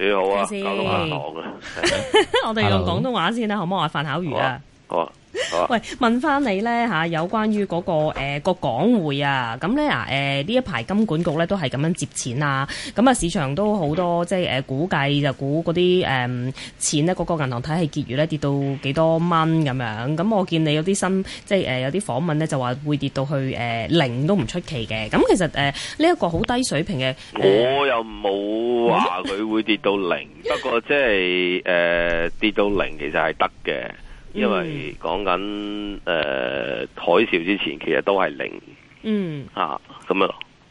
你好啊，交通、嗯、我哋用廣東話先啦，好唔好啊，飯烤魚啊，好。 喂，問翻你咧吓，啊，有關於嗰、那個誒、呃那個港匯啊，咁咧啊誒呢一排、呃、金管局咧都係咁樣接錢啊，咁啊市場都好多即係誒、呃、估計就估嗰啲誒錢咧，嗰、那個銀行體系結餘咧跌到幾多蚊咁樣，咁我見你有啲新即係誒、呃、有啲訪問咧就話會跌到去誒、呃、零都唔出奇嘅，咁其實誒呢一個好低水平嘅、呃，我又冇話佢會跌到零， 不過即係誒跌到零其實係得嘅。因為講緊誒海嘯之前，其實都係零，嗯，吓、啊、咁樣。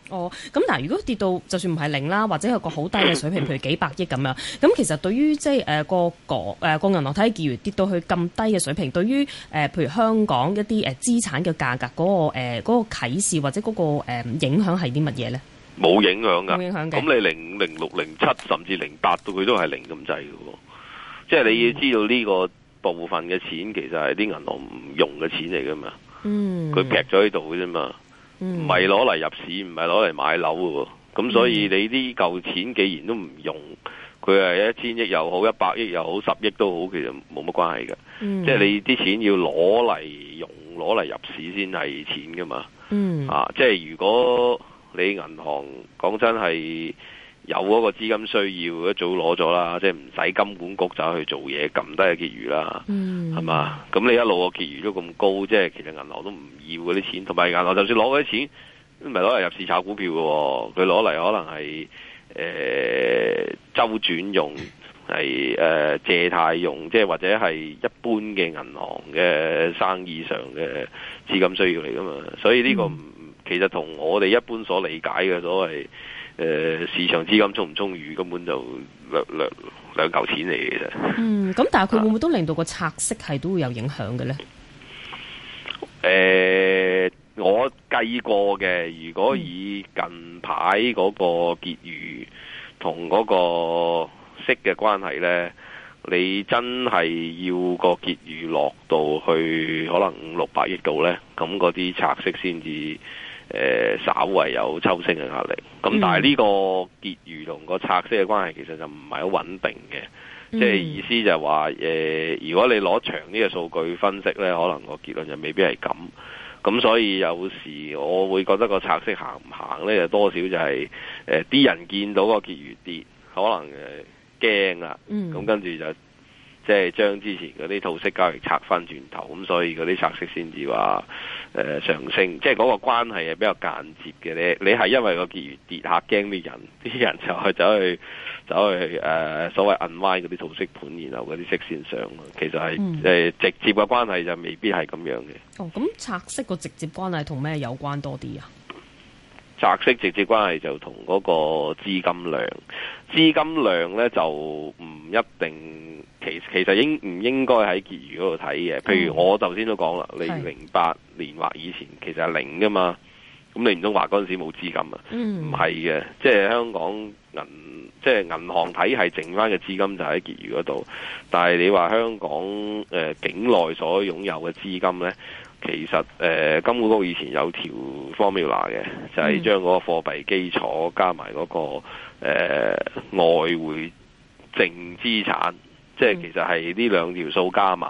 哦，咁但係如果跌到就算唔係零啦，或者有個好低嘅水平， 譬如幾百億咁樣，咁其實對於即係誒、呃、個國誒個銀行體系跌到去咁低嘅水平，對於誒、呃、譬如香港一啲誒資產嘅價格嗰、那個誒嗰、呃那個啟示或者嗰、那個誒、呃、影響係啲乜嘢咧？冇影響噶，冇影響嘅。咁你零零六零七甚至零八到佢都係零咁滯嘅，即係你要知道呢、這個部分嘅錢其實係啲銀行唔用嘅錢嚟㗎嘛，佢劈咗喺度嘅啫嘛，唔係攞嚟入市，唔係攞嚟買樓喎。咁所以你啲舊錢既然都唔用，佢係一千億又好，一百億又好，十億都好，其實冇乜關係嘅。即係、嗯、你啲錢要攞嚟用，攞嚟入市先係錢㗎嘛、嗯。啊，即係如果你銀行講真係。有嗰個資金需要一早攞咗啦，即係唔使金管局走去做嘢撳低嘅結餘啦，係、嗯、嘛？咁你一路個結餘都咁高，即係其實銀行都唔要嗰啲錢，同埋銀行就算攞嗰啲錢，唔係攞嚟入市炒股票嘅。佢攞嚟可能係誒、呃、周轉用，係誒、呃、借貸用，即係或者係一般嘅銀行嘅生意上嘅資金需要嚟噶嘛，所以呢個唔。嗯其實同我哋一般所理解嘅所謂誒、呃、市場資金充唔充裕，根本就兩兩兩嚿錢嚟嘅啫。嗯，咁但係佢會唔會都令到個拆息係都會有影響嘅咧？誒、啊呃，我計過嘅，如果以近排嗰個結餘同嗰個息嘅關係咧，你真係要個結餘落到去可能五六百億度咧，咁嗰啲拆息先至。誒，稍為有抽升嘅壓力，咁、嗯、但係呢個結餘同個拆息嘅關係其實就唔係好穩定嘅、嗯，即係意思就係話，誒、呃，如果你攞長呢個數據分析呢，可能個結論就未必係咁，咁所以有時我會覺得個拆息行唔行呢，就多少就係、是，啲、呃、人見到個結餘跌，可能誒驚啦，咁、呃嗯、跟住就。即係將之前嗰啲套息交易拆翻轉頭，咁所以嗰啲拆息先至話上升，即係嗰個關係係比較間接嘅咧。你係因為個結餘跌下驚啲人，啲人就去走去走去誒所謂 unwind 嗰啲套息盤，然後嗰啲息線上其實係、嗯、直接嘅關係就未必係咁樣嘅。哦，咁拆息個直接關係同咩有關多啲啊？拆息直接，接關係就同嗰個資金量，資金量呢就唔一定，其實其實應唔應該喺結餘嗰度睇嘅。譬如我頭先都講啦，你零八年或以前其實係零㗎嘛，咁你唔通話嗰陣時冇資金啊？唔係嘅，即係香港銀即銀行體系剩翻嘅資金就喺結餘嗰度，但係你話香港、呃、境內所擁有嘅資金呢？其實誒，金管局以前有條 formula 嘅，就係將嗰個貨幣基礎加埋嗰個誒外匯淨資產，即係其實係呢兩條數加埋。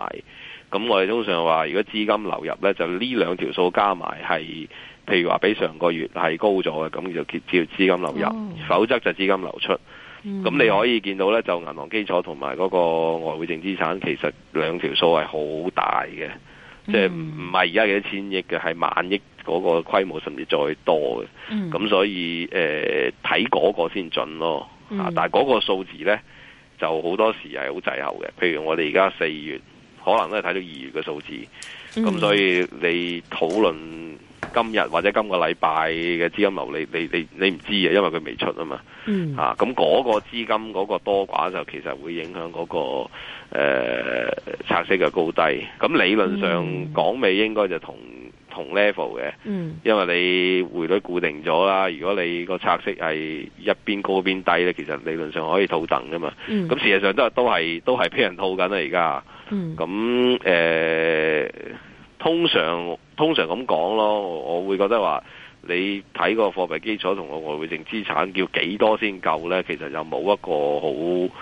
咁我哋通常話，如果資金流入呢，就呢兩條數加埋係，譬如話比上個月係高咗嘅，咁就叫資金流入；否則就資金流出。咁你可以見到呢，就銀行基礎同埋嗰個外匯淨資產，其實兩條數係好大嘅。即係唔係而家幾多千億嘅，係萬億嗰個規模，甚至再多嘅。咁、嗯、所以誒，睇、呃、嗰個先準咯。啊、但係嗰個數字呢，就好多時係好滯後嘅。譬如我哋而家四月，可能都係睇到二月嘅數字。咁所以你討論今日或者今個禮拜嘅資金流你，你你你你唔知啊，因為佢未出、嗯、啊嘛。咁嗰個資金嗰個多寡就其實會影響嗰、嗰個誒拆、呃、息嘅高低。咁理論上、嗯、港美應該就同同 level 嘅、嗯，因為你匯率固定咗啦。如果你個拆息係一邊高一邊低咧，其實理論上可以套等噶嘛。咁、嗯、事實上都都係都係俾人套緊啊，而、嗯、家。咁誒、呃，通常。通常咁講咯，我會覺得話你睇個貨幣基礎同個外匯淨資產要幾多先夠呢？其實就冇一個好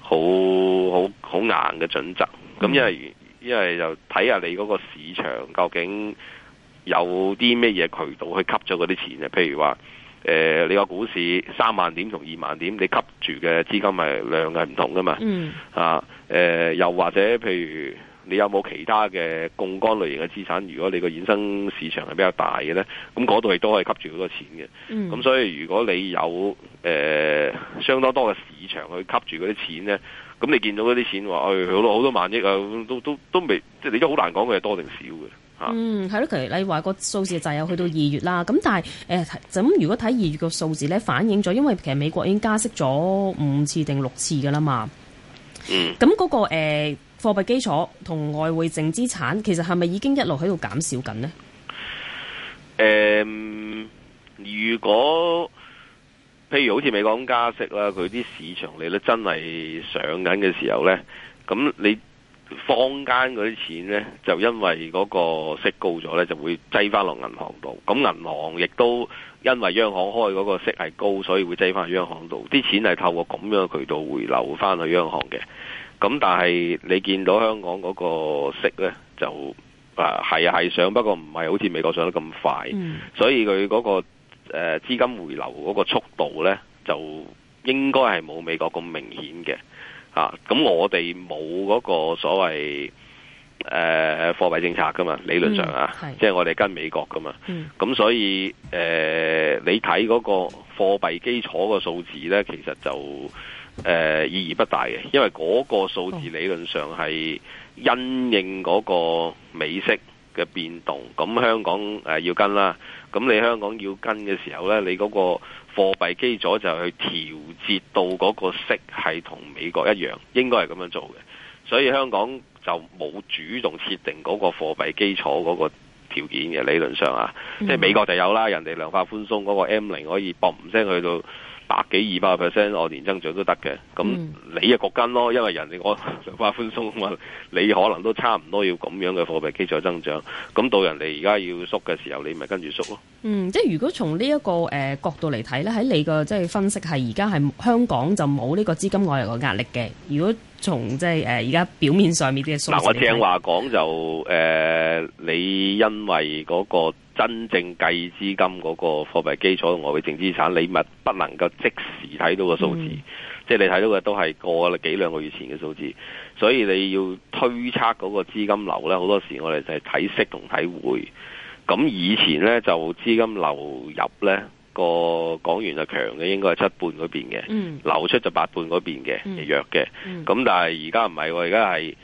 好好好硬嘅準則。咁因為因為就睇下你嗰個市場究竟有啲咩嘢渠道去吸咗嗰啲錢啊？譬如話、呃、你個股市三萬點同二萬點，你吸住嘅資金係量係唔同噶嘛？嗯、啊、呃、又或者譬如。你有冇其他嘅槓桿類型嘅資產？如果你個衍生市場係比較大嘅咧，咁嗰度亦都可以吸住好多錢嘅。咁、嗯、所以如果你有誒、呃，相當多嘅市場去吸住嗰啲錢咧，咁你見到嗰啲錢話，誒、哎、好多好多萬億啊，都都都未，即、就、係、是、你都好難講佢係多定少嘅、啊。嗯，係咯，其實你話個數字就係有去到二月啦。咁但係誒、咁、呃、如果睇二月個數字咧，反映咗，因為其實美國已經加息咗五次定六次噶啦嘛。咁、嗯、嗰、那個誒。呃貨幣基礎同外匯淨資產，其實係咪已經一路喺度減少緊呢？誒、嗯，如果譬如好似美國加息啦，佢啲市場利率真係上緊嘅時候呢，咁你坊間嗰啲錢呢，就因為嗰個息高咗呢，就會擠翻落銀行度。咁銀行亦都因為央行開嗰個息係高，所以會擠翻去央行度。啲錢係透過咁樣嘅渠道回流翻去央行嘅。咁但係你見到香港嗰個息息呢，就啊係係上，不過唔係好似美國上得咁快，嗯，所以佢嗰個資金回流嗰個速度呢，就應該係冇美國咁明顯嘅。啊，咁我哋冇嗰個所謂誒、呃、貨幣政策噶嘛，理論上啊，即、嗯、係、就是、我哋跟美國噶嘛，咁、嗯、所以誒、呃、你睇嗰個貨幣基礎個數字呢，其實就。呃、意義不大嘅，因為嗰個數字理論上係因應嗰個美息嘅變動，咁香港誒要跟啦。咁你香港要跟嘅時候呢，你嗰個貨幣基礎就去調節到嗰個息係同美國一樣，應該係咁樣做嘅。所以香港就冇主動設定嗰個貨幣基礎嗰個條件嘅，理論上啊、嗯，即係美國就有啦，人哋量化寬鬆嗰個 M 零可以嘣唔聲去到。百幾二百個 percent 我年增長都得嘅，咁你嘅國跟咯，因為人哋我發 寬鬆嘛，你可能都差唔多要咁樣嘅貨幣基礎增長，咁到人哋而家要縮嘅時候，你咪跟住縮咯。嗯，即係如果從呢、這、一個誒、呃、角度嚟睇咧，喺你個即係分析係而家係香港就冇呢個資金外流嘅壓力嘅。如果從即係而家表面上面嘅數字嗱、呃、我正話講就誒、呃，你因為嗰、那個。真正計資金嗰個貨幣基礎外匯淨資產，你咪不能夠即時睇到個數字，嗯、即係你睇到嘅都係過咗幾兩個月前嘅數字，所以你要推測嗰個資金流呢，好多時我哋就係睇息同睇匯。咁以前呢，就資金流入呢個港元就強嘅，應該係七半嗰邊嘅、嗯，流出就八半嗰邊嘅、嗯、弱嘅。咁、嗯、但係而家唔係喎，而家係。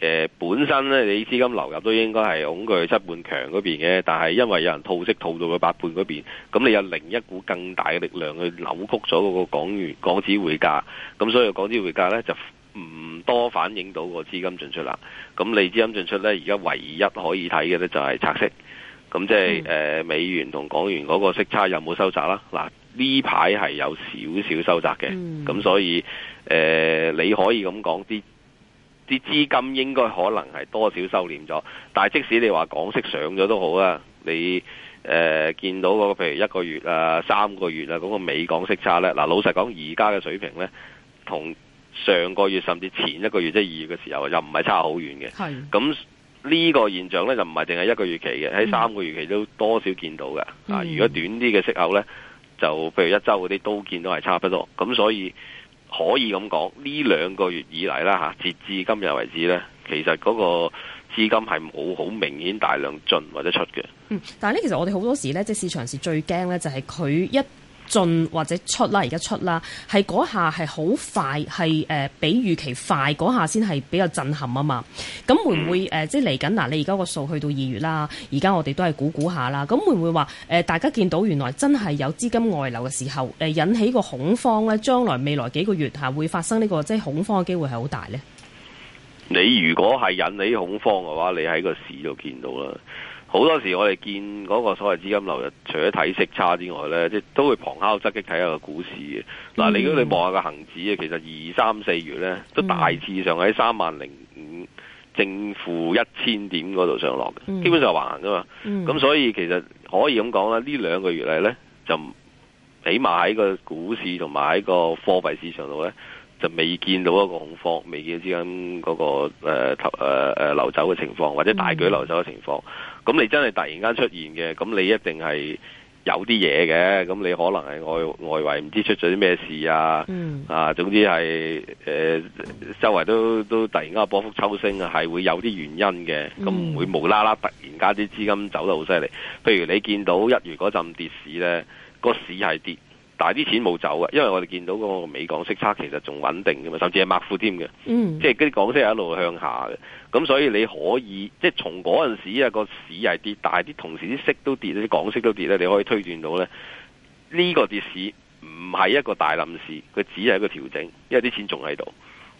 呃、本身咧，你資金流入都應該係恐懼七半強嗰邊嘅，但係因為有人套息套到佢八半嗰邊，咁你有另一股更大嘅力量去扭曲咗嗰個港元、港紙匯價，咁所以港紙匯價呢，就唔多反映到個資金進出啦。咁你資金進出呢，而家唯一可以睇嘅呢，就係拆息，咁即係、嗯呃、美元同港元嗰個息差有冇收窄啦？嗱、呃，呢排係有少少收窄嘅，咁、嗯、所以誒、呃、你可以咁講啲。啲資金應該可能係多少收斂咗，但係即使你話港息上咗都好啊，你誒、呃、見到嗰個譬如一個月啊、三個月啊嗰、嗰個美港息差呢，嗱老實講而家嘅水平呢，同上個月甚至前一個月即二、即係、二月嘅時候又唔係差好遠嘅。咁呢個現象呢，就唔係淨係一個月期嘅，喺三個月期都多少見到嘅、嗯。如果短啲嘅息口呢，就譬如一周嗰啲都見到係差不多。咁所以，可以咁講，呢兩個月以嚟啦吓，截至今日為止咧，其實嗰個資金係冇好明顯大量進或者出嘅。嗯，但係咧，其實我哋好多時咧，即係市場市最是最驚咧，就係佢一。進或者出啦，而家出啦，係嗰下係好快，係誒、呃、比預期快，嗰下先係比較震撼啊嘛。咁會唔會誒、嗯呃、即係嚟緊嗱？你而家個數去到二月啦，而家我哋都係估估下啦。咁會唔會話誒、呃、大家見到原來真係有資金外流嘅時候誒、呃、引起個恐慌咧？將來未來幾個月嚇會發生呢、這個即係恐慌嘅機會係好大咧？你如果係引起恐慌嘅話，你喺個市度見到啦。好多時我哋見嗰個所謂資金流入，除咗睇息差之外呢，即係都會旁敲側擊睇下個股市嘅。嗱、嗯，你如果你望下個恒指啊，其實二三四月呢都大致上喺三萬零五正負一千點嗰度上落嘅、嗯，基本上橫嘅嘛。咁、嗯、所以其實可以咁講啦，呢兩個月嚟呢，就起碼喺個股市同埋喺個貨幣市場度呢，就未見到一個恐慌，未見到資金嗰、嗰個、呃呃、流走嘅情況，或者大舉流走嘅情況。嗯咁你真係突然間出現嘅，咁你一定係有啲嘢嘅，咁你可能係外外圍唔知出咗啲咩事啊、嗯，啊，總之係、呃、周圍都都突然間有波幅抽升啊，係會有啲原因嘅，咁唔會無啦啦突然間啲資金走得好犀利，譬如你見到一月嗰陣跌市呢，個市係跌。但啲錢冇走啊，因為我哋見到個美港息差其實仲穩定㗎嘛，甚至係擘闊添嘅，即係啲港息係一路向下嘅。咁所以你可以即係從嗰陣時啊、個市係跌，但啲同時啲息都跌，啲港息都跌咧，你可以推斷到咧呢、呢個跌市唔係一個大冧市，佢只係一個調整，因為啲錢仲喺度。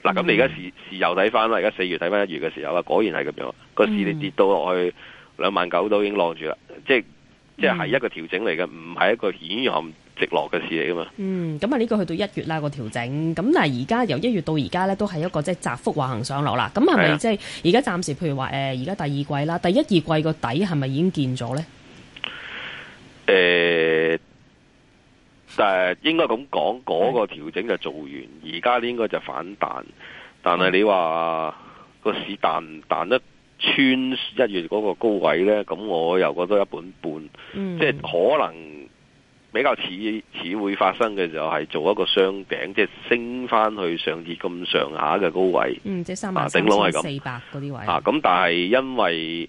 嗱、嗯，咁你而家時時又睇翻啦，而家四月睇翻一月嘅時候啊，果然係咁樣，個市你跌到落去兩萬九都已經落住啦，即係即係係一個調整嚟嘅，唔、嗯、係一個顯現。直落嘅事嚟噶嘛？嗯，咁啊呢個去到一月啦個調整，咁但係而家由一月到而家咧，都係一個即係窄幅橫行上落啦。咁係咪即係而家暫時？譬如話誒，而、呃、家第二季啦，第一二季個底係咪已經見咗咧？誒、欸，誒，但係應該咁講，嗰個調整就做完，而家咧應該就反彈。但係你話個、嗯、市彈唔彈得穿一月嗰個高位咧？咁我又覺得一本半，嗯、即係可能。比較似似會發生嘅就係做一個雙頂，即係升翻去上次咁上下嘅高位。嗯，即係三萬三千、啊、四百嗰啲位。啊，咁但係因為誒、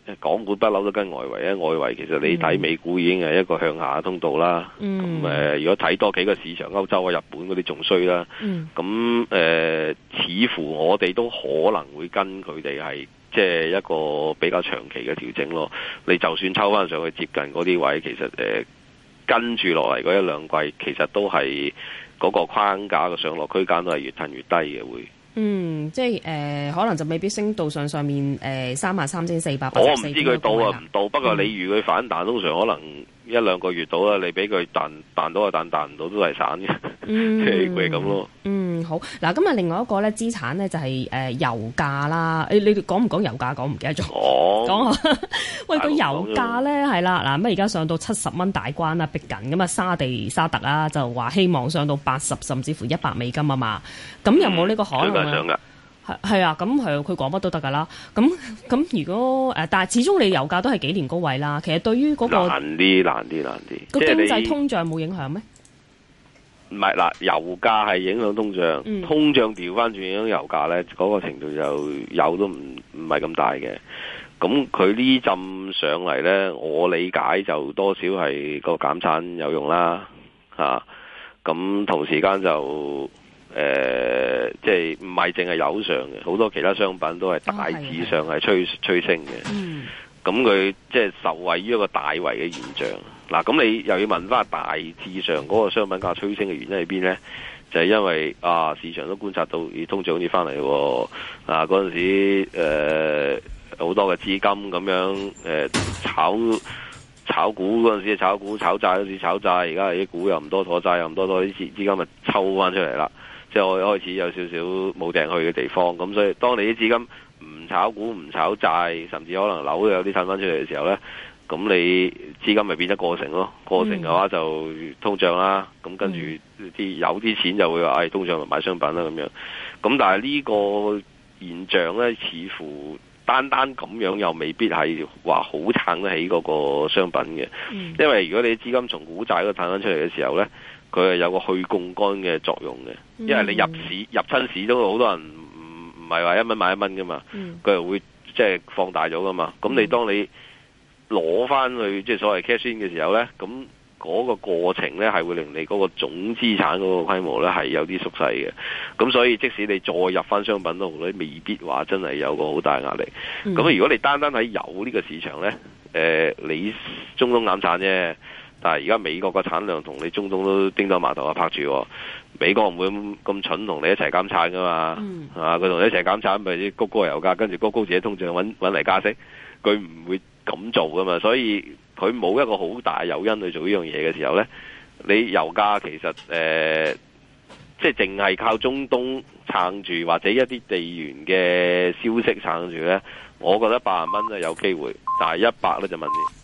呃、港股不嬲都跟外圍啊，外圍其實你睇美股已經係一個向下嘅通道啦。嗯。咁誒、呃，如果睇多幾個市場，歐洲啊、日本嗰啲仲衰啦。嗯。咁誒、呃，似乎我哋都可能會跟佢哋係。即係一個比較長期嘅調整咯。你就算抽翻上去接近嗰啲位，其實誒、呃、跟住落嚟嗰一兩季，其實都係嗰個框架嘅上落區間都係越騰越低嘅會。嗯，即係誒、呃、可能就未必升到上上面誒三萬三千四百，我唔知佢到啊唔、那個、到，不過你預佢反彈，通、嗯、常可能。一兩個月到啦，你俾佢彈彈到啊彈彈唔到，到都係散嘅，即係佢咁咯。嗯， 嗯好嗱，今日另外一個咧資產咧就係、是、誒、呃、油價啦。欸、你你講唔講油價，講唔記得咗？講、哦，說 喂，個、嗯、油價咧係啦，嗱咁而家上到七十蚊大關啦，逼緊咁啊沙地沙特啊就話希望上到八十甚至乎一百美金啊嘛。咁有冇呢個可能啊？嗯係啊，咁係佢講乜都得噶啦。咁咁、嗯、如果誒、啊，但係始終你油價都係幾年高位啦。其實對於嗰個難啲難啲難啲，即係經濟通脹冇影響咩？唔係嗱，油價係影響通脹、嗯，通脹調翻轉影響油價咧，嗰個程度就有都唔唔係咁大嘅。咁佢呢浸上嚟咧，我理解就多少係個減產有用啦。吓、啊，咁同時間就。誒、呃，即係唔係淨係油上嘅，好多其他商品都係大致上係催是的催升嘅。咁、嗯、佢即係受惠於一個大圍嘅現象。嗱、啊，咁你又要問翻大致上嗰個商品價催升嘅原因喺邊咧？就係、是、因為啊，市場都觀察到而通脹好似翻嚟。啊，嗰陣時誒，好、呃、多嘅資金咁樣誒、呃、炒炒股嗰陣時炒股炒債嗰時炒債，而家啲股又唔多，妥債又唔多多，啲資資金咪抽翻出嚟啦。即係我開始有少少冇訂去嘅地方，咁所以當你啲資金唔炒股、唔炒債，甚至可能樓都有啲趁翻出嚟嘅時候呢，咁你資金咪變得過剩咯？過剩嘅話就通脹啦，咁、嗯、跟住啲有啲錢就會話，唉、哎，通脹咪買商品啦咁樣。咁但係呢個現象呢，似乎單單咁樣又未必係話好撐得起嗰個商品嘅、嗯，因為如果你資金從股債度趁翻出嚟嘅時候呢。佢係有個去槓桿嘅作用嘅，因為你入市入親市都好多人唔唔係話一蚊買一蚊噶嘛，佢、嗯、會即係、就是、放大咗噶嘛。咁、嗯、你當你攞翻去即係、就是、所謂 cash in 嘅時候呢，咁嗰個過程呢係會令你嗰個總資產嗰個規模呢係有啲縮細嘅。咁所以即使你再入翻商品都好，你未必話真係有個好大壓力。咁、嗯、如果你單單喺有呢個市場呢，誒、呃，你中東減產啫。但係而家美國個產量同你中東都叮噹馬頭啊，拍住，美國唔會咁蠢同你一齊減產噶嘛，嗯？啊，佢同你一齊減產，咪、就是、谷高油價跟住谷高自己通脹，揾揾嚟加息，佢唔會咁做噶嘛？所以佢冇一個好大誘因去做呢樣嘢嘅時候呢，你油價其實即係淨係靠中東撐住，或者一啲地緣嘅消息撐住呢。我覺得八十蚊都有機會，但係一百呢，就問你。